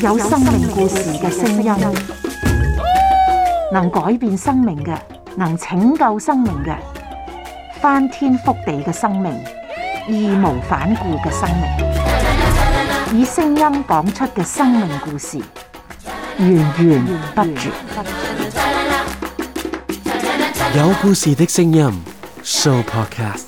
有生命故事嘅聲音，能改變生命嘅，能拯救生命嘅，翻天覆地嘅生命，義無反顧嘅生命，以聲音講出嘅生命故事，源源不絕。有故事嘅聲音，Show Podcast。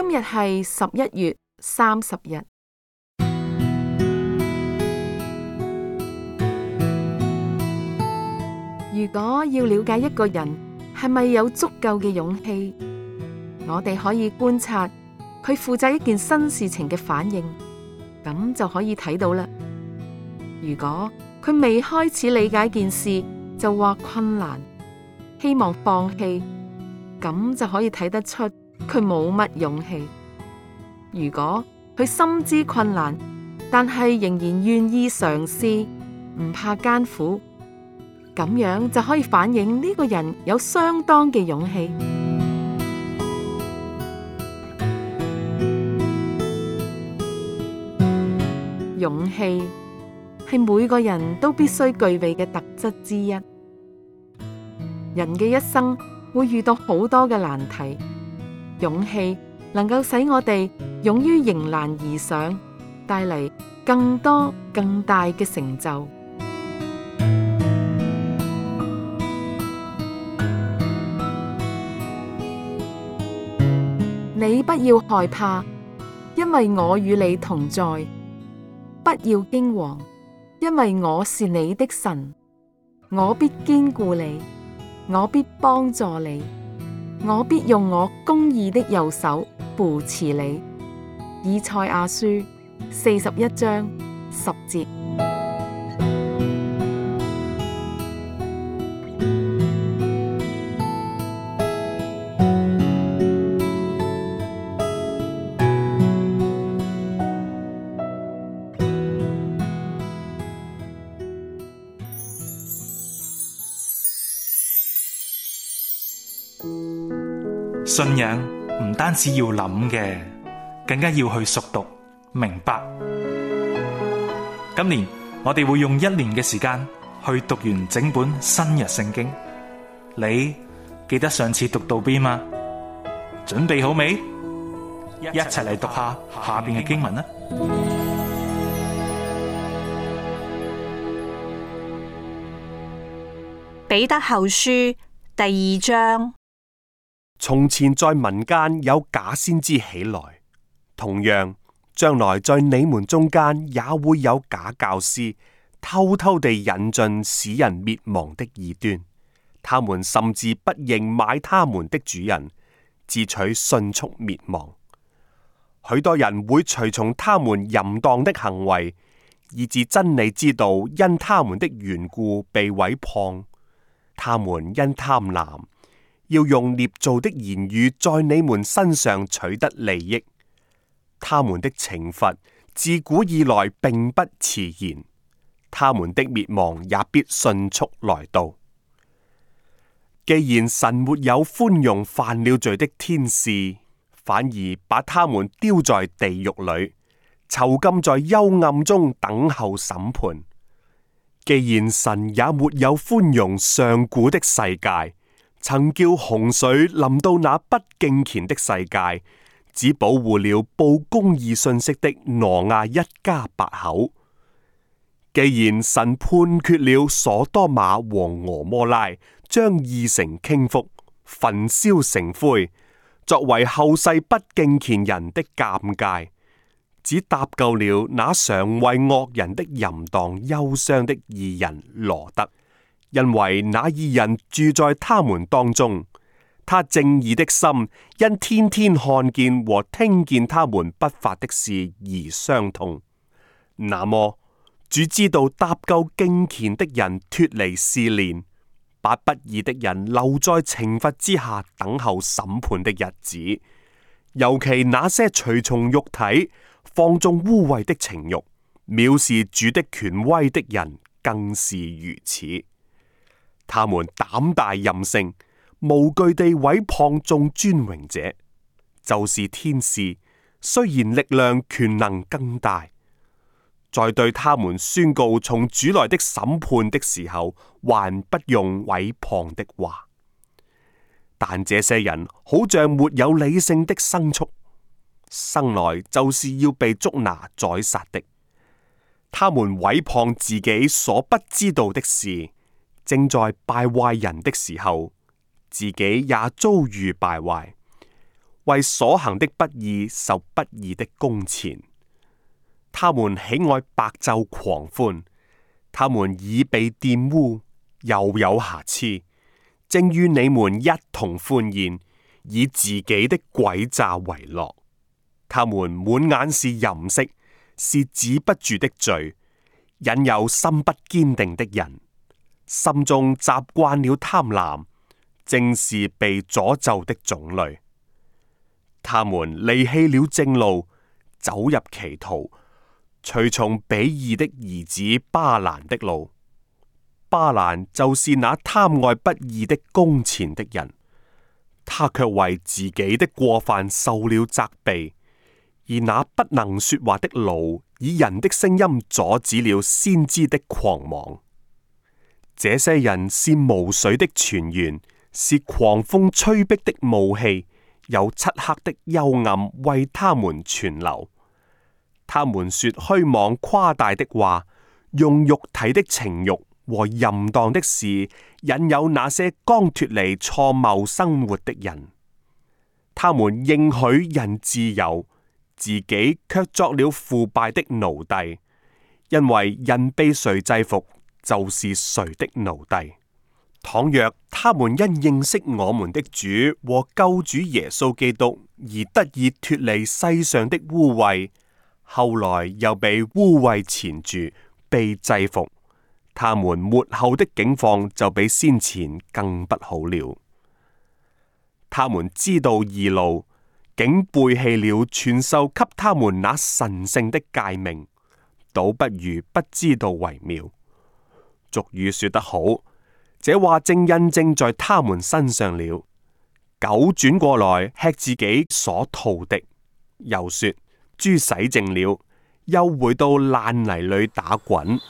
今日係十一月三十日。如果要了解一個人係咪有足夠嘅勇氣，我哋可以觀察佢負責一件新事情嘅反應，咁就可以睇到啦。如果佢未開始理解件事，就話困難，希望放棄，咁就可以睇得出。佢冇乜勇氣。如果佢心知困難，但係仍然願意嘗試，唔怕艱苦，咁樣就可以反映呢個人有相當嘅勇氣。勇氣係每個人都必須具備嘅特質之一。人嘅一生會遇到好多嘅難題。勇氣能夠使我哋勇於迎難而上，帶嚟更多更大嘅成就。 你不要害怕，因為我與你同在；不要驚惶，因為我是你的神，我必堅固你，我必幫助你。我必用我公義的右手扶持你。以賽亞書四十一章十節。信仰唔單止要諗嘅，更加要去熟讀明白。今年我哋會用一年嘅時間去讀完整本新約聖經。你記得上次讀到邊嗎？準備好未？一齊嚟讀下下邊嘅經文啦！彼得後書第二章。從前在民間有假先知起來，同樣將來在你們中間也會有假教師，偷偷地引進使人滅亡的異端。他們甚至不認買他們的主人，自取迅速滅亡。許多人會隨從他們淫蕩的行為，以致真理之道因他們的緣故被毀謗。他們因貪婪。要用捏造的言語在你們身上取得利益，他們的懲罰自古以來並不遲延，他們的滅亡也必迅速來到。既然神沒有寬容犯了罪的天使，反而把他們丟在地獄裏，囚禁在幽暗中等候審判。既然神也沒有寬容上古的世界。曾叫洪水臨到那不敬虔的世界，只保護了報公義信息的挪亞一家八口。既然神判決了所多瑪和蛾摩拉，將二城傾覆、焚燒成灰，作為後世不敬虔人的尷尬，只搭救了那常為惡人的淫蕩、憂傷的義人羅德。因為那二人住在他們當中，他正義的心因天天看見和聽見他們不法的事而傷痛。那麼主知道搭救敬虔的人脫離試煉，把不義的人留在懲罰之下等候審判的日子，尤其那些隨從肉體放縱污穢的情慾，藐視主的權威的人，更是如此。他們膽大任性，無懼地毀謗眾尊榮者，就是天使。雖然力量、權能更大，在對他們宣告從主來的審判的時候，還不用毀謗的話。但這些人好像沒有理性的牲畜，生來就是要被捉拿宰殺的。他們毀謗自己所不知道的事。正在敗壞人的時候，自己也遭遇敗壞，為所行的不義受不義的工錢。他們喜愛白晝狂歡，他們已被玷污，又有瑕疵，正與你們一同歡宴，以自己的詭詐為樂。他們滿眼是淫色，是止不住的罪，引誘心不堅定的人。心中習慣了貪婪，正是被詛咒的種類。他們離棄了正路，走入歧途，隨從比珥的兒子巴蘭的路。巴蘭就是那貪愛不義的工錢的人，他卻為自己的過犯受了責備。而那不能說話的驢，以人的聲音阻止了先知的狂妄。這些人是無水的泉源，是狂風吹逼的霧氣，有漆黑的幽暗為他們存留。他們說虛妄誇大的話，用肉體的情欲和淫蕩的事引誘那些剛脱離錯謬生活的人。他們應許人自由，自己卻作了腐敗的奴隸，因為人被誰制服？就是誰的奴隸？倘若他們因認識我們的主和救主耶穌基督而得以脫離世上的污穢，後來又被污穢纏住，被制服，他們末後的境況就比先前更不好了。他們知道義路，竟背棄了傳授給他們那神聖的誡命，倒不如不知道為妙。俗語說得好，這話正印證在他們身上了。狗轉過來吃自己所吐的，又說豬洗淨了，又回到爛泥裏打滾。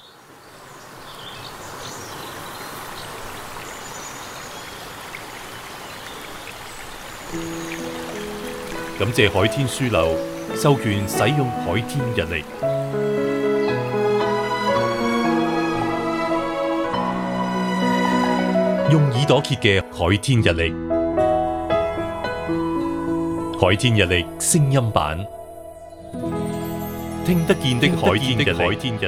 感謝海天書樓授權使用海天日曆。用耳朵揭嘅《海天日曆》，《海天日曆》聲音版，聽得見的《海天日曆》。